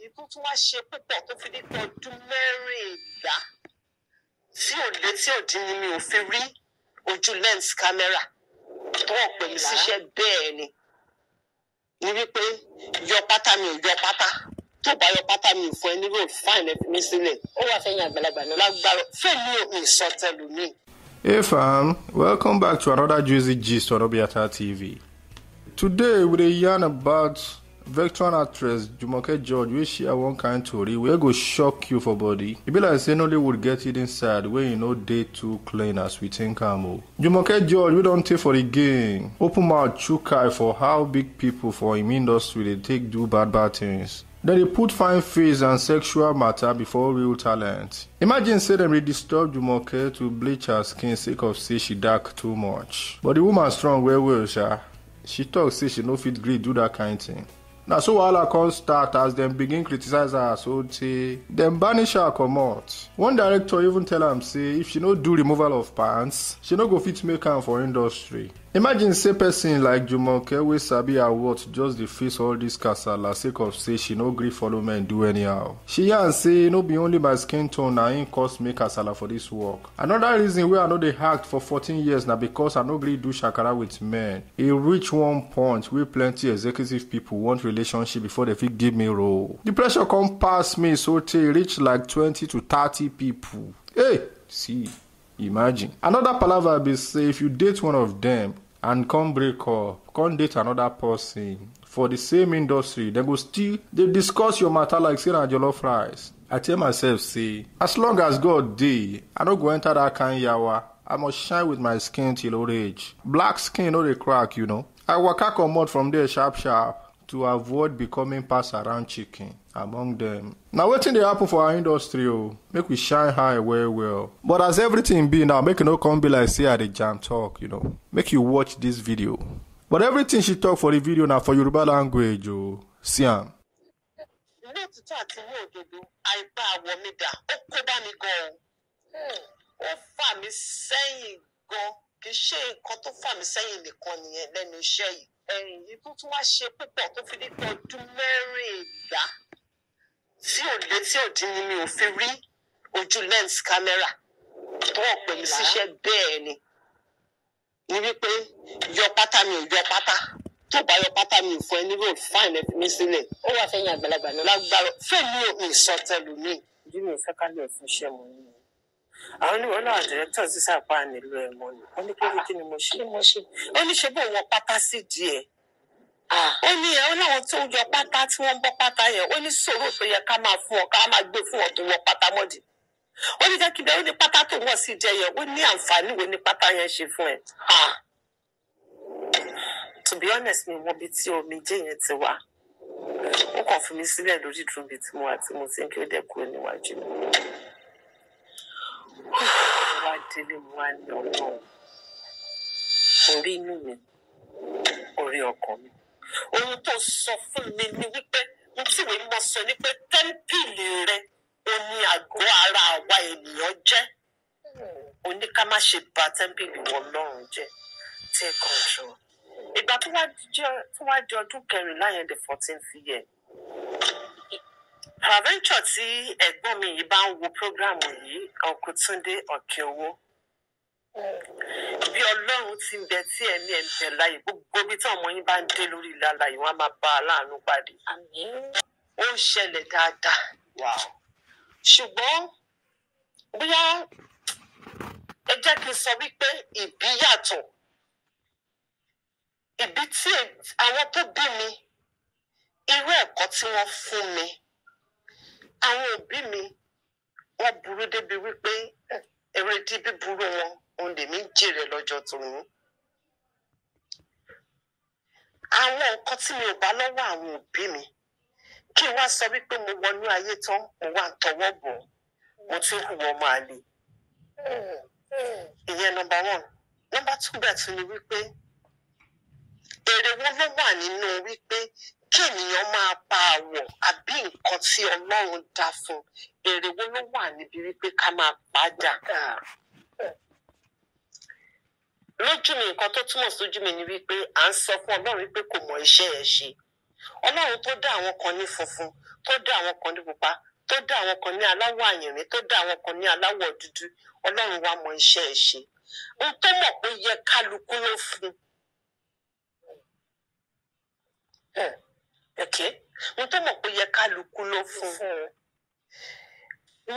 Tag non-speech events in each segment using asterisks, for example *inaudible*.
yìí tó tún wá ṣe púpọ̀ tó fi dípò ọdún mẹ́rìnlá tí ò lé tí ò dín ní mi ò fi rí ojú lens camera tó wọ́n pè mí síṣẹ́ bẹ́ẹ̀ ni ni wípé yọ pátá mi ò yọ pátá tó bá yọ pátá mi fún ẹ ní yóò fáìn ẹ fi mí sílẹ̀ ó wà fẹ̀yìn àgbàlagbà náà lágbára fẹmi ò sọ tẹlu mi. Hey fam, welcome back to another Juicy Gist on Obiata TV. Today we're dey yarn about veteran actress jumoke george wey share one kind tori wey go shock you for body e be like say nollywood get hidden side wey e no dey too clean as we think am o jumoke george wey don tey for di game open mouth chook eye for how big pipo for im industry dey take do bad bad tins dem dey put fine face and sexual matter before real talent imagine say dem dey disturb jumoke to bleach her skin sake of say she dark too much but di woman strong well well sha she tok say she no fit gree do dat kain thing na so wahala come start as dem begin criticise her So, old say dem banish her comot one director even tell am say if she no do removal of pants she no go fit make am for industry imagine say person like jumoke wey sabi her worth just dey face all dis kasala sake of say she no gree follow men do anyhow she yarn say no be only my skin tone na im cause me kasala for this work Another reason wey i no dey act for fourteen years na because i no gree do shakara with men e reach one point wey plenty executive people want relationship before they fit give me role The pressure come pass me so tey reach like twenty to thirty people. hey see Imagine. Another palaver be say if you date one of them and come break up, come date another person for the same industry, they go still they discuss your matter like say na jollof rice. I tell myself say as long as God dey, I no go enter that kind yawa. I must shine with my skin till old age. Black skin no dey crack, you know. I waka comot from there sharp sharp to avoid becoming pass around chicken among dem na wetin dey happen for our industry o oh. make we shine high well well but as everything be now make e no come be like say i dey jam talk you know make you watch this video but everything she talk for the video na for yoruba language o oh. see am. Oh. Hmm. kì í ṣe nǹkan tó fà mí sẹ́yìn nìkan nìyẹn lẹ́nu iṣẹ́ yìí ẹ̀yìn tó tún wá ṣe púpọ̀ tó fi ní ọdún mẹ́rìnlá tí o lé tí ò dín ni mi ò fi rí ojú lens camera wọn pè mí síṣẹ́ bẹ́ẹ̀ ni ni wípé yọ pátá mi ò yọ pátá tó bá yọ pátá mi ò fún ẹ níwò fáìn ẹ fi mí sílẹ̀. ó wà fẹ́yìn àgbàlagbà náà. lágbára fẹ́mi ò ní sọ tẹlu mi. bí mi ò fẹ́ ká lè fún iṣẹ́ mọ́ ni àwọn oníwọ̀n náà dìrẹ́tọ̀ sísàpá nílùú ẹ̀ mọ́ ni wọ́n ní kí ni mo ṣe. ó ní ṣe bó wọ pátá sí díẹ̀. Ah. ẹni ẹ ọlọ́run tó yọ pátá tí wọ́n ń bọ́ pátá yẹn ó ní sòrò tó yẹ ká máa fún ọ ká máa gbé fún ọ tó wọ pátá mọ́dì ó ní jẹ́ bẹ́ẹ̀ ó ní pátá tó wọ̀ sí jẹ yẹn ó ní àǹfààní wo ni pátá yẹn ṣe fún ẹ. Ah. to be honest mi wọ́n bí tí omi jẹ́ yẹn ti wá ó kàn fún mi sílẹ̀ lórí dùn bí tí mo wà tí mo ti ń kí ó dẹ̀ kúrò níwájú mi. mo wá délé mo wá ní ọgbọ́n orí inú mi orí ọkàn mi ohun tó sọ fún mi ni wípé ohun tí ìwé mọ sọ ni pé tẹ́ḿpìlì rẹ o ní àgọ́ ara àwa ènìyàn jẹ́ o ní ká má ṣe bà tẹ́ḿpìlì Ọlọ́run jẹ́ take control. ìgbà tó wá di ọdún kẹrìnlá yẹn the fourteenth year paraventure tí ẹ̀gbọ́n mi yìí bá ń wo prógrámù yìí ọkùn Túndé Òkèowó. Okay, bí ọlọ́run ti ń bẹ tí ẹ̀mí ẹ̀ ń bẹ láàyè gbogbo bí tí ọmọ yín bá ń dé lórí ilé aláyè wọn á máa bá aláàánú pàdé. ó ń ṣẹlẹ̀ dáadáa. ṣùgbọ́n bóyá ẹ jẹ́ kí n sọ wípé ìbí yàtọ̀ ìbí tí àwọn tó bí mi irú ẹ̀kọ́ tí wọ́n fún mi àwọn òbí mi wọ́n burú débi wípé hm, èrèdí bíburú wọn òun lèmi ń jèrè lọ́jọ́ tòun. àwọn nǹkan tí mi ò bá lọ́wọ́ àwọn òbí mi kí n wá sọ wípé mo wọnú ayé tán mo wá ń tọwọ́ bọ̀ mo tún hùwà ọmọ àlè. ìyẹn nọmba one nọmba two gbà tún ni wípé èrè wo ló wà nínú wípé kí ènìyàn máa pa àwọ̀ àbí nǹkan tí Ọlọ́run dá fún èrè wo ló wà níbi wípé ká máa padà lójú mi nǹkan tó túmọ̀ sójú mi ni wípé à ń sọ fún ọlọ́run wípé kò mọ iṣẹ́ ẹ̀ ṣe ọlọ́run tó dá àwọn kan ní funfun tó dá àwọn kan ní pupa tó dá àwọn kan ní aláwọ̀ àyìnrín tó dá àwọn kan ní aláwọ̀ dúdú ọlọ́run wa mọ iṣẹ́ ẹ̀ ṣe ohun tó mọ̀ pé yẹ kálukú ló fún hmm, ohun tó mọ̀ pé yẹ kálukú ló fún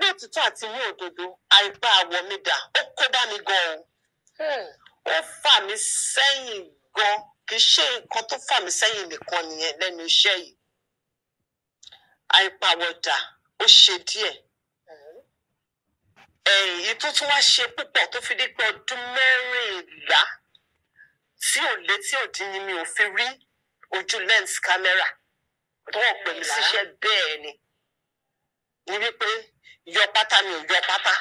lótìtọ́ àti ní òdodo àìpá àwọ̀ mi dà ó kó bá mi gan o. Hmm ó fà mí sẹ́yìn gan kì í ṣe nǹkan tó fà mí sẹ́yìn nìkan nìyẹn lẹ́nu iṣẹ́ yìí àìpàwọ̀dà ó ṣe díẹ̀ èyí tó tún wá ṣe púpọ̀ tó fi dípẹ́ ọdún mẹ́rìnlá tí ò létí òdì ni mi ò fi rí ojú lens camera tó wọ́n pè mí síṣẹ́ bẹ́ẹ̀ ni ni wípé yọ pátá mi ò yọ pátá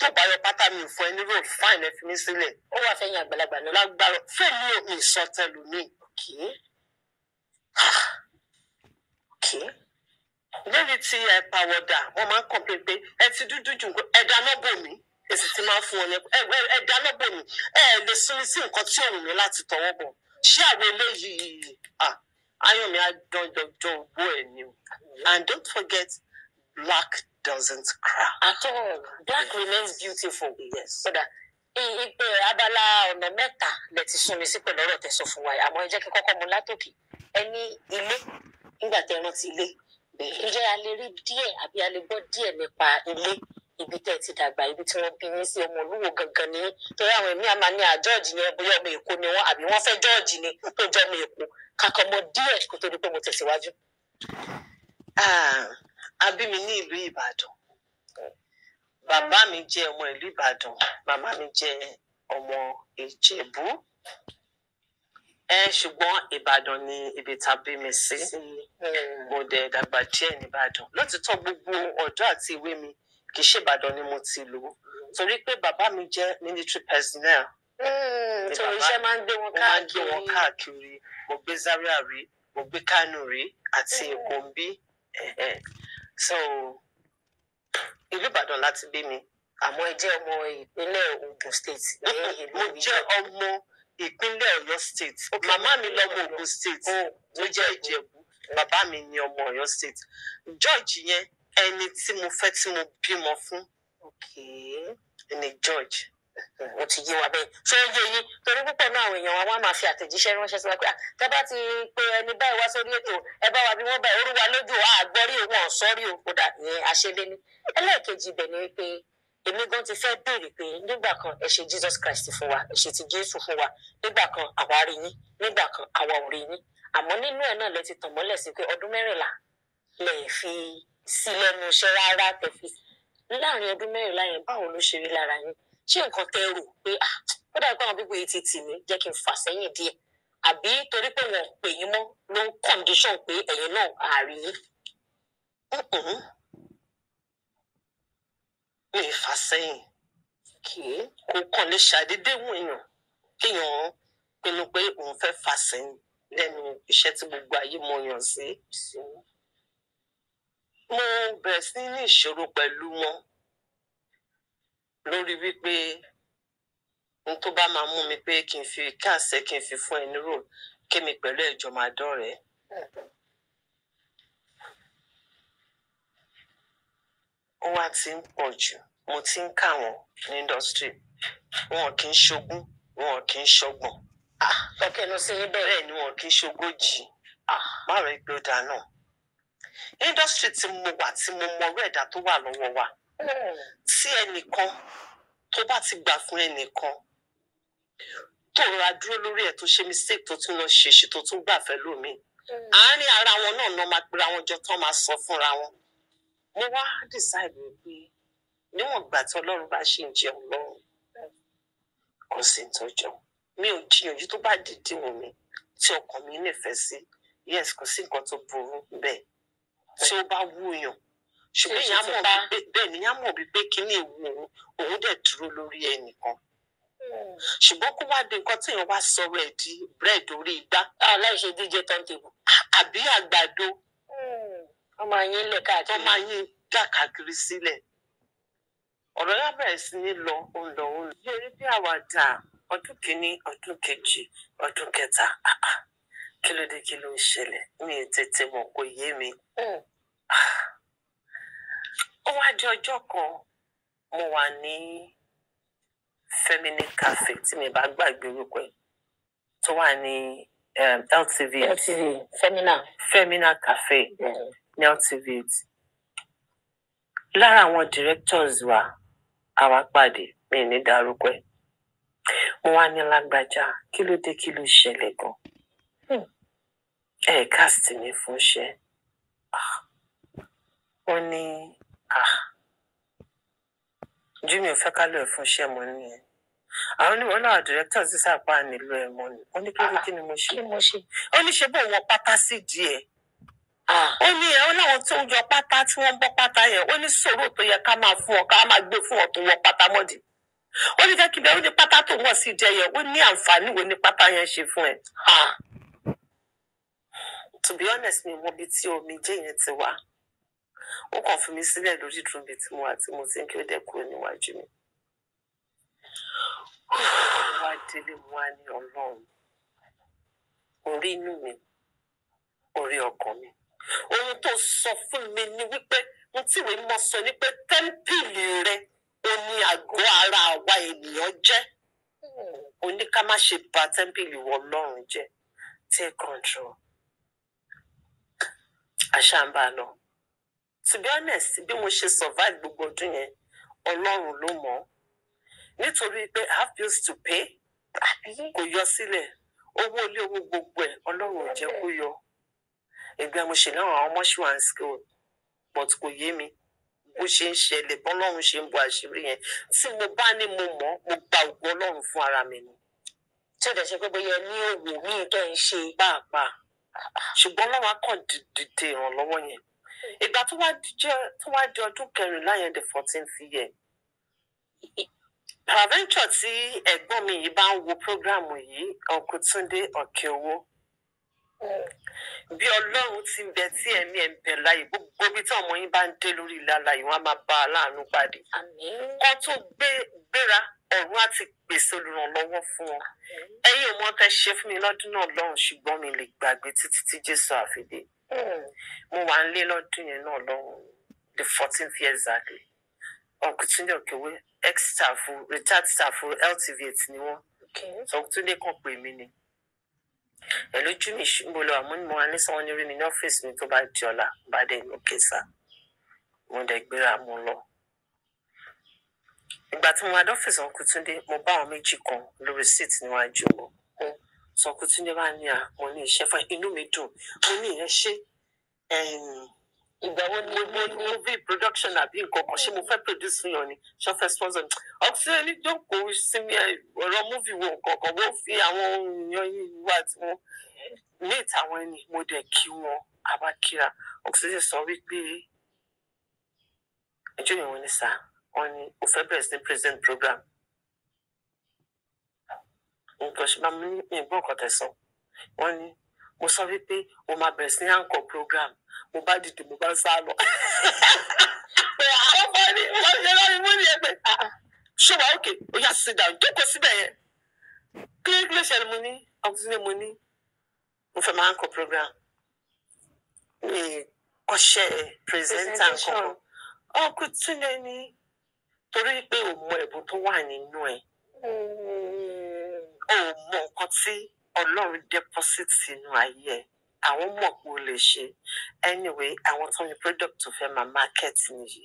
tó bá yọ pátá mi fún ẹ nírò fáìn ẹ fi mí sílẹ̀. ó wà fẹ́yìn àgbàlagbà ní lágbára fẹ́mi ò mi sọ tẹlu mi. lórí ti àìpàwọ̀dà wọ́n máa ń kọ̀m̀pé pé ẹ ti dúdú jù ẹ̀dá náà bò mí èsì ti máa ń fún wọn ẹ̀dá náà bò mí ẹ lè sinmi sí nǹkan tí òun ní láti tọwọ́ bọ̀ ṣé àwọn eléyìí ayọ̀mí adánjọjọ owó ẹ̀ ni o mm-hmm. and don't forget black doesn't cry At all. Black remains beautiful. Yes. So that, ipe abala ọ̀nà mẹ́ta lẹ ti sún mi sí pẹ̀lú ọ̀rọ̀ tẹ̀sán fún wa àmọ́ ẹ jẹ́ kí kọ́kọ́ mu látòkè ẹni ilé nígbà tẹ rántí ilé ǹjẹ́ a lè rí díẹ̀ àbí a lè gbọ́ díẹ̀ nípa ilé ibi tẹ́ ti dàgbà ibi tí wọ́n bí yín sí ọmọ olúwo gangan ní torí àwọn ẹ̀mí àmà ní àjọ́ọ̀jì yẹn bóyá ọmọ èkó ni wọ́n àbí wọ́n fẹ́ jọ́ọ̀jì ni tó jẹ́ ọmọ èkó kàkọ́ mọ díẹ̀ kó tó di pé mo tẹ̀síwájú. Ah, a bí mi ní ìlú Ìbàdàn bàbá mi jẹ́ ọmọ ìlú Ìbàdàn màmá mi jẹ́ ọmọ Ìjẹ̀bú ẹ ṣùgbọ́n Ìbàdàn ni ibi tá a bí mi sí mo dẹ̀ dàgbà díẹ̀ nìbàdàn lótìtọ́ gbogbo ọ̀dọ́ àti ìwé mi kì í ṣe Ìbàdàn ni mo ti lò torí pé bàbá mi jẹ́ military personnel hmm, torí iṣẹ́ máa ń gbé wọn káàkiri máa ń gbé wọn káàkiri mo gbé Zaria rí mo gbé Kánò rí àti Èkó ń bí so ìlú ìbàdàn láti bí mi àmọ́ ẹ jẹ́ ọmọ ìpínlẹ̀ Ògùn state. mo jẹ́ ọmọ ìpínlẹ̀ Ọ̀yọ́ state màmá mi lọ́mọ Ògùn state oh, mo jẹ́ Ìjẹ̀bú bàbá mi ni ọmọ Ọ̀yọ́ state George yẹn ẹni tí mo fẹ́ tí mo bímọ fún ni George. Okay ó ti yé wa bẹ́ẹ̀ ṣé ó yé yín torí púpọ̀ náà àwọn èèyàn wa wọ́n á máa fi àtẹ̀jíṣẹ́ ránṣẹ́ sí wa pé tẹ́ bá ti pe ẹni báyìí wá sórí ètò ẹ bá wa bí wọ́n bá orúwa lójú àgbọ́rí òun ọ̀sọ́rí òkúta ìyẹn àṣeléní ẹlẹ́ẹ̀kejì ibẹ̀ ni pé èmi gan ti fẹ́ béèrè pé nígbà kan ẹ ṣe Jesus Christ fún wa ẹ ṣe ti Jésù fún wa nígbà kan àwa rí yín nígbà kan àwa ò rí yín àmọ́ nínú ẹ̀ náà lẹ ti tàn mọ́lẹ̀ sí pé ọdún mẹ́rìnlá lẹ fi sí lẹ́nu iṣẹ́ rárá tẹ̀ fi láàrin ọdún mẹ́rìnlá yẹn báwo ló ṣe rí lára yín ṣé nǹkan tẹ rò pé ah ó dàbí pé àwọn bíbu yìí ti tì mí jẹ́ kí n fà sẹ́yìn díẹ̀ àbí torí pé wọn ò pè yín mọ́ ló ń kọ́ndíṣọ̀n pé ẹ̀yin náà àárí yín. mi ì fà sẹ́yìn kì í kò kàn lè ṣàdédé wù èèyàn kéèyàn pinnu pé òun fẹ́ fà sẹ́yìn lẹ́nu iṣẹ́ tí gbogbo ayé mọ̀ yàn sí. mo bẹ̀rẹ̀ sí ní ìṣòro pẹ̀lú wọn lórí wípé n tó bá máa mú mi pé kí n fi káàsẹ kí n fi fún ẹ nírò kémi pẹ̀lú ẹjọ máa dọ̀rẹ́. ó wá ti ń pọ̀ jù mo ti ń kà wọ́n ní indọ́sítírì wọn kì í ṣogún wọn kì í ṣọgbọ̀n. Ah, ọkẹ́ ló sì ń bẹ̀rẹ̀ ni wọn kì í ṣogójì ah, má rẹ̀ gbé ọ̀dà náà. indọ́sítírì tí mo wà tí mo mọ ọ̀rọ̀ tó wà lọ́wọ́ wa tí ẹnìkan tó bá ti gbà fún ẹnìkan tó rọra dúró lórí ẹ̀ tó ṣe mistake tó tún lọ ṣèṣì tó tún gbà fẹ́ lómi àárín hmm. ara wọn náà náà máa pera wọn jọ tán máa sọ fúnra wọn mo wá decide wípé níwọ̀n ìgbà tí Ọlọ́run bá ṣe ń jẹun lọ́rùn kò sí ìtọ́jọ mi ò jiyànjú tó bá dìde wọn mi tí ọkàn mi nífẹ̀ẹ́ sí yes kò sí nǹkan tó burú bẹ́ẹ̀ tí ó bá wúyàn ṣùgbọ́n èèyàn mọ̀ bí bẹ́ẹ̀ ni èèyàn mọ̀ bí pé kíní ewu òun òun dẹ̀ dúró lórí ẹnìkan hmm. ṣùgbọ́n kó wá di nǹkan tí èèyàn wá sọ̀rọ̀ ẹ̀ di bread orí igbá. aláìṣe díje turntable. àbí àgbàdo. Hmm. ọmọ yín lè káàkiri. ọmọ yín dà káàkiri sílẹ̀. ọ̀rọ̀ yà bẹ̀rẹ̀ sí ní lọ òun òun lọ. bí àwàdà ọdún kìíní ọdún kejì ọdún kẹta kí ló dé kí ló ń ṣẹlẹ̀ mi tètè mọ̀ kò yé mi. Hmm. Ah ó wá di ọjọ́ kan mo wà ní feminine cafe tí mi bá gbàgbé orúkọ ẹ̀ tó wà ní um, LTV LTV femina femina cafe ní LTV lára àwọn directors wa àwa pàdé mi ní dárúkọ ẹ̀ mo wá ní lágbájá kí ló dé kí ló ṣẹlẹ̀ gan hmm. ẹ káàsì mi fún iṣẹ́ ah. ó ní. Ah. jimmy ò fẹ́ ká lọ fún iṣẹ́ mọ́ nìyẹn àwọn onímọ̀ náà director ti sàpá nílò ẹ̀ mọ́ ni wọ́n ní kí kí ni mo ṣe ó ní ṣe bó wọ pátá sí díẹ̀ ah. ó ní ẹ ó láwọn tó ń yọ pátá tí wọ́n ń bọ́ pátá yẹn ó ní sòrò tó yẹ ká máa fún ọ ká máa gbé fún ọ tó wọ pátá mọ́dì ó ní kí bẹ́ẹ̀ ó ní pátá tó wọ̀ sí díẹ̀ yẹn ó ní àǹfààní wo ní pátá yẹn ṣe fún ẹ. Ah. to be honest mi mọ ibi tí omi jẹ́ yẹn ti wá ó kàn fi mi sílẹ̀ lórí dúró bíi tí mo wà tí mo ti ń kí ó dẹ̀ kúrò níwájú mi. mo wá délé mo wá ní ọlọ́run mo rí inú mi mo rí ni wípé mo tíwèé mọ sọ ni pé tẹ́ḿpìlì rẹ ó ara àwa ènìyàn jẹ́ ó ká má ṣe bà tẹ́ḿpìlì wọ ọlọ́run jẹ́ take control àṣà ń to be honest bí mo ṣe survive gbogbo ọdún yẹn ọlọ́run ló mọ̀ nítorí pé I have bills to pay kò yọ sílẹ̀ owó ilé owó gbogbo ẹ̀ ọlọ́run ò jẹ́ kó yọ ẹgbẹ́ mo ṣe náà àwọn ọmọ ṣì wà school but kò yé mi bó ṣe ń ṣẹlẹ̀ bọ́lọ́run ṣe ń bo àṣírí yẹn tí mo bá ní mo mọ̀ mo gba ògo ọlọ́run fún ara mi ni. tí o dẹ̀ ṣe pé bóyá ní òwò míì tó ń ṣe. pàápàá ṣùgbọ́n ọlọ́run á kàn dìde ìrànlọ́wọ́ yẹn ìgbà tó wá jẹ tó wá di ọdún kẹrìnlá yẹn the fourteenth year Paraventure tí ẹ̀gbọ́n mi yìí bá ń wo prógrámù yìí ọkọ Túndé Òkèowó bí Ọlọ́run ti ń bẹ tí ẹ̀mí ẹ̀ ń bẹ láàyè gbogbo ibi tí ọmọ yín bá ń dé lórí ilẹ̀ alààyè wọn á máa bá aláàánú pàdé kó tó gbéra ọ̀run á ti pèsè olùrànlọ́wọ́ fún wọn ẹ̀yin ò mọ̀ tẹ́ ṣe fún mi lọ́dún náà lọ́hùn-ún mi lè gbàgbé títí tí Jésù àfidé. mo wà ń lé lọ́dún yẹn the fourteenth year exactly ọkùntunde òkèwé ex staff retired staff ltv ni wọn kan pè ni pẹ̀lú júmi mo lọ àmú mo wà ní sanwó ní mi ní ọ́fíìsì mi tó bá di mo gbéra mo lọ. ìgbà tí mo wá dọ́fíìsì mo bá àwọn méjì kan lórí síìtì níwájú wọn. sọkún tí ní bá ní à mo ní iṣẹ́ fún inú mi dùn mo ní ìyẹn ṣe ìgbà wo ni mo gbé movie production àbí nǹkan kan ṣé mo fẹ́ produce fún yàn ni ṣé fẹ́ sponsor mi ọ̀sẹ̀ni jókòó sí mi ọ̀rọ̀ movie wo nǹkan kan wọ́n fi àwọn èèyàn yìí wá tí wọ́n late àwọn ẹni mo dẹ̀ kí wọn abakira ọ̀sẹ̀ni sọ wípé ẹjọ́ ìwọ̀n ni sá wọn ni ó fẹ́ bẹ̀rẹ̀ sí present program nǹkan ṣe máa ní ìgbọ́n kan tẹ̀sán wọ́n ní mo sọ wípé mo máa bẹ̀rẹ̀ sí àǹkọ̀ program mo bá dìde mo bá ń sá lọ. *laughs* pé àwọn ah, ọmọ ni wọ́n ṣe lọ́ọ́ ìwé ni ẹgbẹ́ ṣé wàá òkè ó yà sí dàrú jókòó síbẹ̀ yẹn kí ló ṣẹlẹ̀ mo ní ọkùnrin mo ní mo fẹ́ máa àǹkọ̀ program mi kọ́ṣẹ́ pírẹsẹ́ńtà nǹkan ọkùnrin tún lé ní torí pé òun mọ ẹ̀bùn tó wà nínú ẹ̀. Mm ò mọ nǹkan tí ọlọ́run deposit inú ayé ẹ̀ àwọn mọ̀ pé o lè ṣe anyway àwọn tó ní product tó fẹ́ máa market nìyí.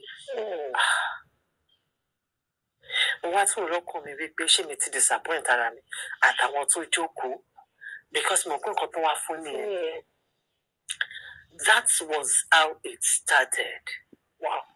mo wá tún lọ́kàn mi wípé ṣé mi ti disappoint ara mi àtàwọn tó jókòó because mo kó nǹkan tó wá fún nìyẹn. Hmm. That was how it started. Wow.